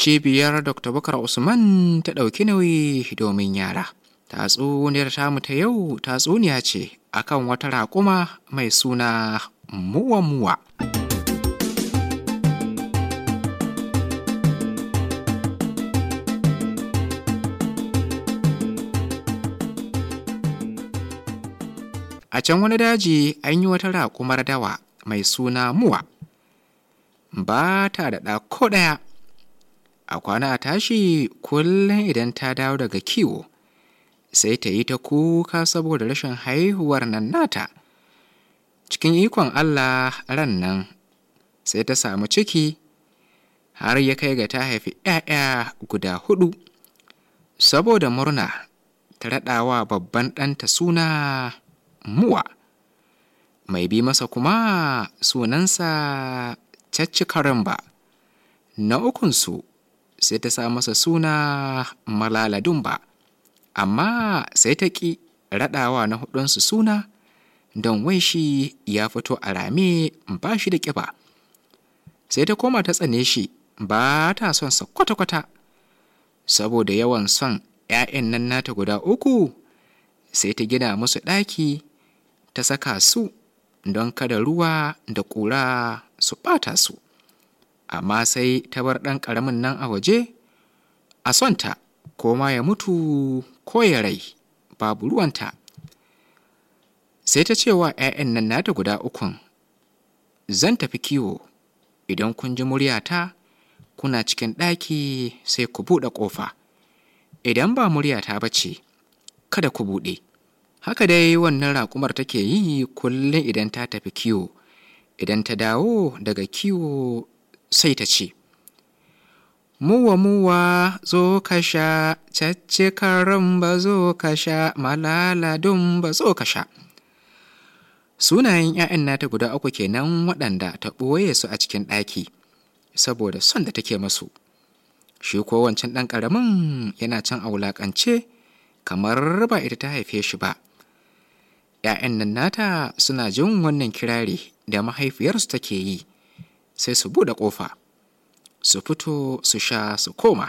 cibiyar dr bakar usman ta ɗauki nauyi domin yara tatsuniyar tamu ta yau tatsuniya ce akan wata raƙuma mai suna muwa-muwa a can wani daji an yi wata raƙumar dawa mai suna muwa ba ta da ɗa ko ɗaya a kwana a tashi kullum idan ta dawo daga kiwo sai ta yi ta kuka saboda rashin haihuwar nan nata cikin ikon allah ran nan sai ta samu ciki har ya kai ga ta haifi 'ya'ya guda hudu saboda murna ta raɗawa babban ɗanta suna muwa mai bi masa kuma sunansa caccikarin ba, na ukunsu sai ta sa masa suna malaladun ba amma sai ta ƙi raɗawa na su suna don wai shi ya fito a rame ba shi da ƙiba sai ta koma ta tsane shi ba ta son sa kwata-kwata saboda yawan son 'ya'yan nan nata guda uku sai ta gina musu ɗaki ta saka su don kada ruwa da ƙura su ɓata su amma sai ta bar ɗan ƙaramin nan a waje a sonta ko ma ya mutu ko ya rai babu ruwanta sai ta cewa 'ya'yan nan nata guda ukun zan tafi kiwo idan kun ji muryata kuna cikin ɗaki sai ku buɗe ƙofa idan ba muryata ba ce kada ku buɗe haka dai wannan raƙumar take yi kullum idan ta tafi kiwo idan ta dawo daga kiwo sai ta ce muwa muwa zo ka sha cacce ba zo ka sha malaladun ba zo ka sha sunayen 'ya'yan nata guda uku kenan waɗanda ta ɓoye su a cikin ɗaki saboda son da take masu shi ko wancan ɗan ƙaramin yana can a wulaƙance kamar ba ita ta haife shi ba ‘ya'yan nan nata suna jin wannan kirari da mahaifiyarsu take yi sai su buɗe ƙofa su fito su sha su koma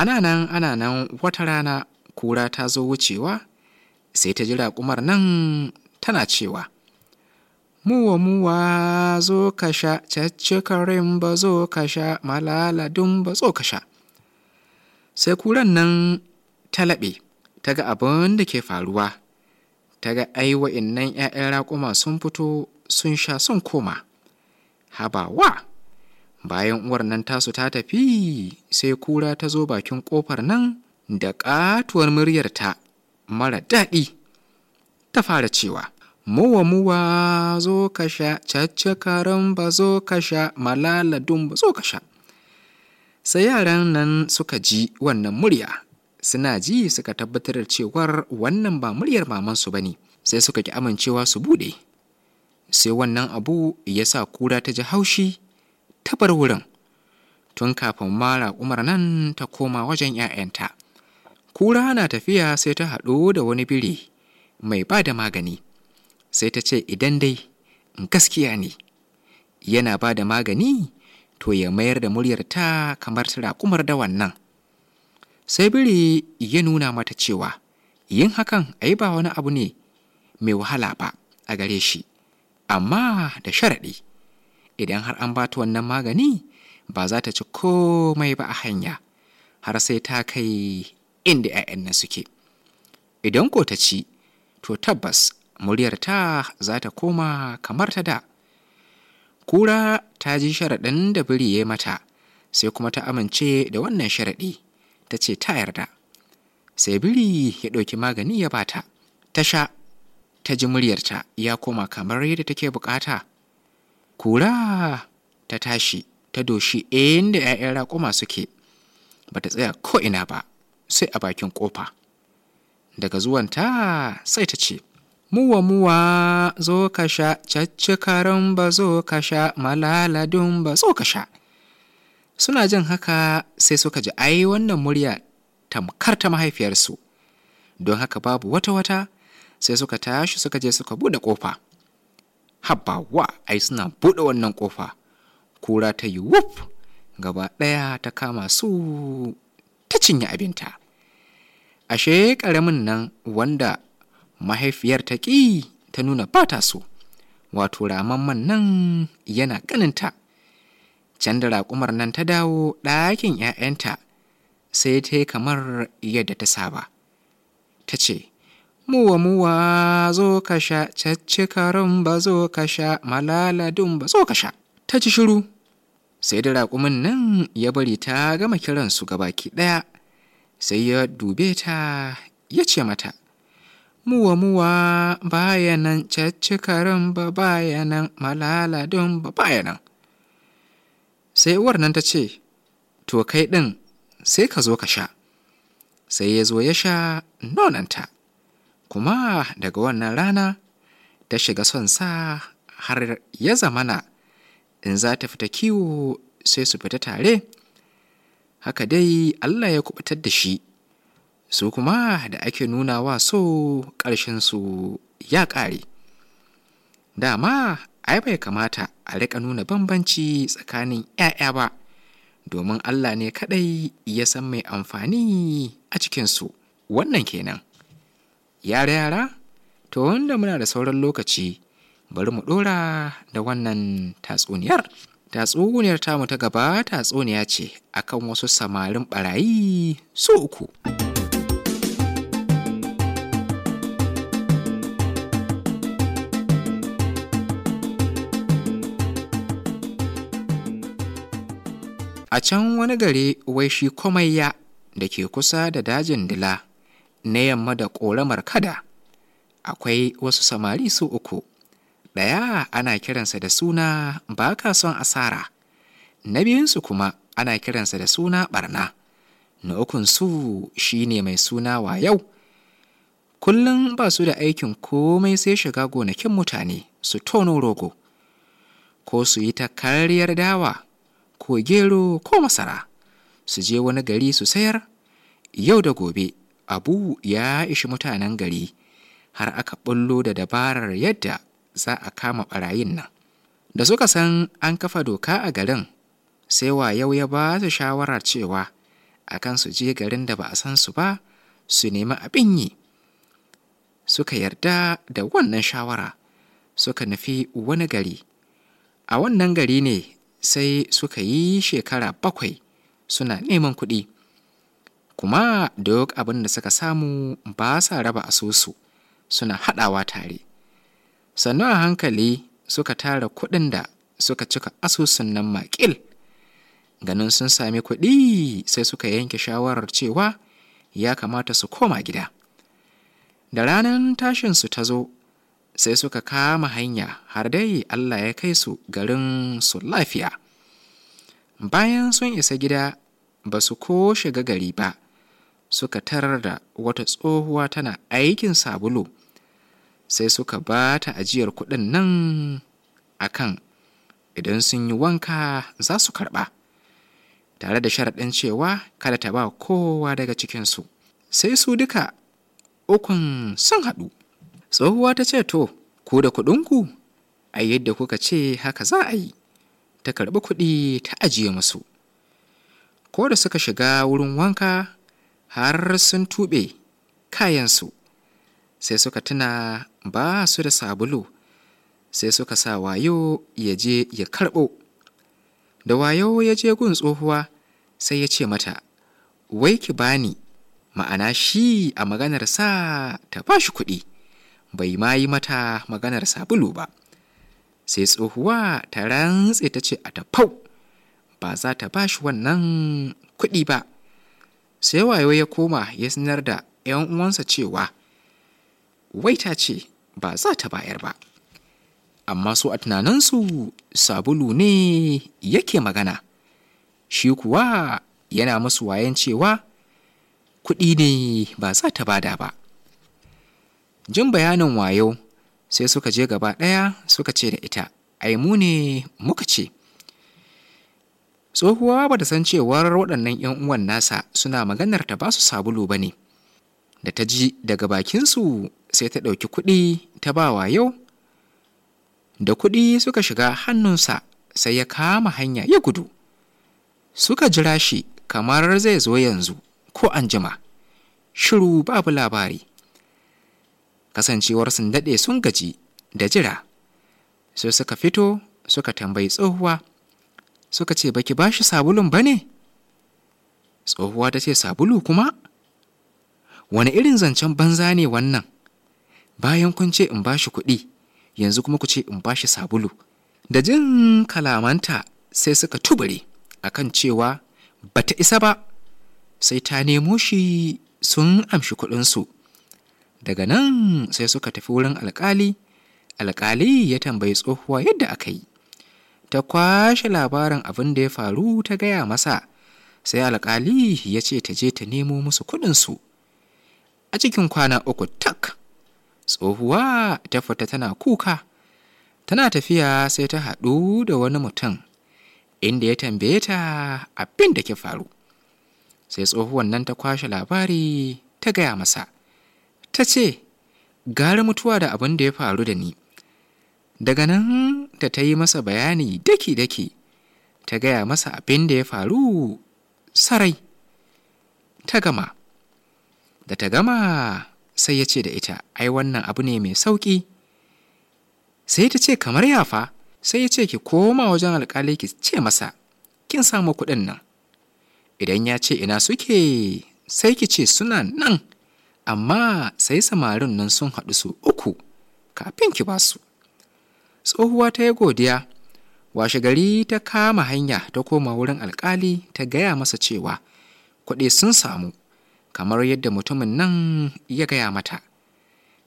ana nan ana nan wata rana kura ta zo wucewa sai ta jira kumar nan tana cewa muwa muwa zo ka sha caccikarin ba zo ka sha malaladun ba zo ka sha sai kuran nan ta laɓe ta ga abin da ke faruwa ta ga ai nan 'ya'yan raƙuma sun fito sun sha sun koma habawa bayan uwar nan tasu ta tafi sai kura ta zo bakin ƙofar nan da ƙatuwar ta mara daɗi ta fara cewa muwa muwa zo ka sha cacce karan ba zo ka sha malaladun ba zo ka sha sai yaran nan suka ji wannan murya suna ji suka tabbatar da cewar wannan ba muryar mamansu ba ne sai suka ki amincewa su buɗe sai wannan abu ya sa kura ta ji haushi ta bar wurin tun kafin mara umar nan ta koma wajen 'ya'yanta kura na tafiya sai ta haɗu da wani biri mai ba da magani sai ta ce idan dai gaskiya ne yana ba da magani to ya mayar da muryarta kamar raƙumar da wannan sai biri ya nuna mata cewa yin hakan ai ba wani abu ne mai wahala ba a gare shi amma da sharaɗi idan har an bata wannan magani ba za ta ci komai ba a hanya har sai ta kai inda 'ya'yan nan suke idan ko ta ci to tabbas muryarta za ta koma kamar ta da kura ta ji sharaɗin da biri ya mata sai kuma ta amince da wannan sharaɗi ta ce ta yarda sai biri ya ɗauki magani ya bata ta sha ta ji muryarta ya koma kamar yadda take bukata kura ta tashi ta doshi inda 'ya'yan raƙuma suke ba ta tsaya ko'ina ba sai a bakin ƙofa daga zuwanta sai ta ce muwa muwa zo ka sha caccikaran ba zo ka sha malaladun ba zo ka sha suna jin haka sai suka ji ai wannan murya tamkar ta mahaifiyarsu don haka babu wata wata sai suka tashi suka je suka buɗe ƙofa habba wa ai suna buɗe wannan ƙofa kura ta yi wuf gaba ɗaya ta kama su ta cinye abinta ashe ƙaramin nan wanda mahaifiyar ta ƙi ta nuna ba ta so wato ramamman nan yana ƙaninta can da raƙumar nan ta dawo ɗakin 'ya'yanta sai ta yi kamar yadda ta saba ta ce muwa muwa zo ka sha caccikarin ba zo ka sha malaladun ba zo ka sha ta ci shiru sai da raƙumin nan ya bari ta gama kiransu baki ɗaya sai ya dube ta ya ce mata muwa muwa bayanan caccikarin ba bayanan malaladun ba bayanan sai uwar nan ta ce to kai ɗin sai ka zo ka sha sai ya zo ya sha nonanta kuma daga wannan rana ta shiga son sa har ya zamana in za ta fita kiwo sai su fita tare haka dai Allah ya kubutar da shi su kuma da ake nuna wa so ƙarshensu ya ƙare dama ai bai kamata a riƙa nuna bambanci tsakanin 'ya'ya ba domin Allah ne kaɗai ya san mai amfani a cikinsu wannan kenan yare yara to wanda muna da sauran lokaci bari mu ɗora da wannan tatsuniyar tatsuniyar tamu ta gaba tatsuniya ce akan wasu samarin barayi su uku a can wani gari wai shi komai da ke kusa da dajin dila na yamma da ƙoramar kada akwai wasu samari su uku ɗaya ana kiransa da suna ba ka son asara na biyunsu kuma ana kiransa da suna ɓarna na ukunsu shi ne mai suna wa yau kullum ba su da aikin komai sai shiga gonakin mutane su tono rogo ko su yi ta kariyar dawa ko gero ko masara su je wani gari su sayar yau da gobe abu ya ishi mutanen gari har aka ɓullo da dabarar yadda za a kama ɓarayin nan da suka san an kafa doka a garin sai wa yau ya ba su shawarar cewa akan su je garin da ba a san su ba su nemi abin yi suka yarda da wannan shawara suka nufi wani gari a wannan gari ne sai suka yi shekara bakwai suna neman kuɗi kuma duk abin da suka samu ba sa raba asusu suna haɗawa tare sannu a hankali suka tara kuɗin da suka cika asusun nan makil ganin sun sami kuɗi sai suka yanke shawarar cewa ya kamata su koma gida da ranar tashinsu ta zo sai suka kama hanya har dai allah ya kai su garin su lafiya bayan sun isa gida ba su ko shiga gari ba suka tarar da wata tsohuwa tana aikin sabulu sai suka ba ta ajiyar kuɗin nan akan idan sun yi wanka za su karɓa tare da sharaɗin cewa kada ta ba kowa daga cikinsu sai su duka ukun sun haɗu tsohuwa ta ce to ku da kuɗinku a yadda kuka ce haka za a yi ta karɓi kuɗi ta ajiye musu ko da suka shiga wurin wanka har sun tuɓe kayansu sai suka tuna ba su da sabulu sai suka sa wayo ya je ya karɓo da wayo ya je gun tsohuwa sai ya ce mata wai ki bani ma'ana shi a maganar sa ta ba shi kuɗi bai ma yi mata maganar sabulu ba sai tsohuwa ta rantse ta ce a tafau ba za ta ba shi wannan kuɗi ba sai wayo ya koma ya sanar da 'yan uwansa cewa wai ta ce ba za ta bayar ba amma su a tunaninsu sabulu ne yake magana shi kuwa yana masu wayan cewa kuɗi ne ba za ta bada ba jin bayanin wayo sai suka je gaba ɗaya suka ce da ita ai mu ne muka ce tsohuwa ba ta san cewar waɗannan 'yan uwan nasa suna maganar ta ba su sabulu ba ne da ta ji daga bakinsu sai ta ɗauki kuɗi ta ba wa yau da kuɗi suka shiga hannunsa sai ya kama hanya ya gudu suka jira shi kamar zai zo yanzu ko an jima shiru babu labari kasancewar sun daɗe sun gaji da jira sai suka fito suka tambayi tsohuwa suka ce baki ba shi sabulun ba ne tsohuwa ta ce sabulu kuma wani irin zancen banza ne wannan bayan kun ce in ba shi kuɗi yanzu kuma ku ce in ba shi sabulu da jin kalamanta sai suka tubure kan cewa ba ta isa ba sai ta nemo shi sun amshi kuɗinsu daga nan sai suka tafi wurin alƙali alƙali ya tambayi tsohuwa yadda aka yi ta kwashe labarin abin da ya faru ta gaya masa sai alkali ya ce ta je ta nemo musu kuɗinsu a cikin kwana uku tak tsohuwa ta fita tana kuka tana tafiya sai ta haɗu da wani mutum inda ya tambaye ta abin da ke faru sai tsohuwan nan ta kwashe labari ta gaya masa ta ce gari mutuwa da abin da ya faru da ni daga nan da ta yi masa bayani daki-daki ta gaya masa abin da ya faru sarai ta gama da ta gama sai ya ce da ita ai wannan abu ne mai sauƙi sai ta ce kamar yafa sai ya ce ki koma wajen alkali ki ce masa kin samu kuɗin nan idan ya ce ina suke sai ki ce suna nan amma sai samarin nan sun haɗu su uku kafin ki ba su tsohuwa ta yi godiya washe gari ta kama hanya ta koma wurin alkali ta gaya masa cewa kuɗi sun samu kamar yadda mutumin nan ya gaya mata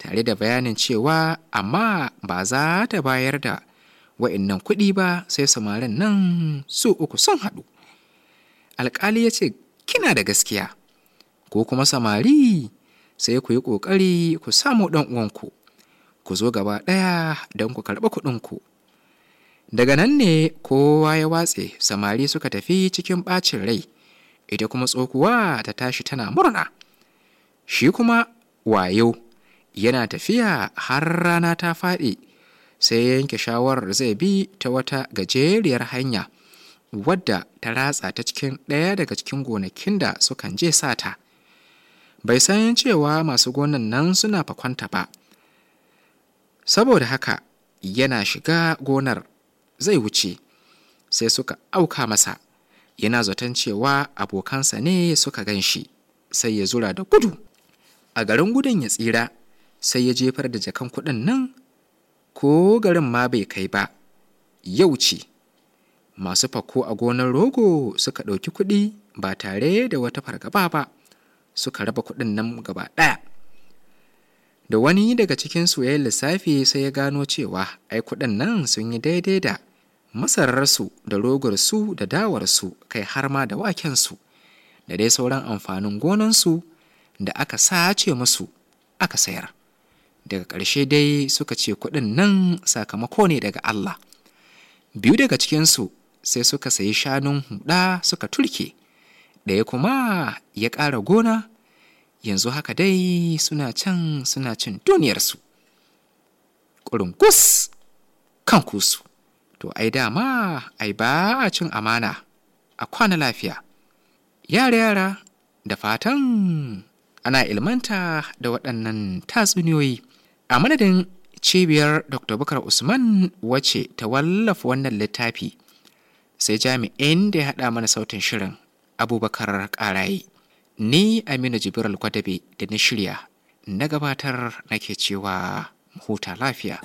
tare da bayanin cewa amma ba za ta bayar da wa'annan kuɗi ba sai samarin nan su uku sun haɗu alkali ya ce kina da gaskiya ko kuma samari sai ku yi ƙoƙari ku samu ɗan uwanku ku zo gaba ɗaya don ku karɓi kuɗinku daga nan ne kowa ya watse samari suka tafi cikin ɓacin rai ita kuma tsokuwa ta tashi tana murna shi kuma wayo yana tafiya har rana ta faɗi sai yanke shawarar zai bi ta wata gajeriyar hanya wadda ta ratsa ta cikin ɗaya daga cikin gonakin da sukan je sata bai san cewa masu gonan nan suna fakwanta ba saboda haka yana shiga gonar zai wuce sai suka auka masa yana zaton cewa abokansa ne suka gan shi sai ya zura da gudu a garin gudun ya tsira sai ya jefar da jakan kudin nan ko garin ma bai kai ba yau ce. masu fako a gonar rogo suka ɗauki kuɗi ba tare da wata fargaba ba suka raba kuɗin nan gaba ɗaya da wani daga cikinsu ya yi lissafi sai ya gano cewa ai kuɗin nan sun yi daidai da masararsu da rogarsu da dawarsu kai har ma da wakensu da dai sauran amfanin gonansu da aka sace musu aka sayar daga ƙarshe dai suka ce kuɗin nan sakamako ne daga Allah biyu daga cikinsu sai suka sayi shanun huɗa suka turke ɗaya kuma ya ƙara gona yanzu haka dai suna can suna cin duniyarsu kurunkus kan kusu to ai dama ai ba a cin amana a kwana lafiya yara-yara da fatan ana ilmanta da waɗannan tatsuniyoyi a madadin cibiyar dr bukar usman wace ta wallafa wannan littafi sai jami'in da ya haɗa mana sautin shirin abubakar ƙarayi ni aminu jibiral kwadabe da na shirya na gabatar nake cewa huta lafiya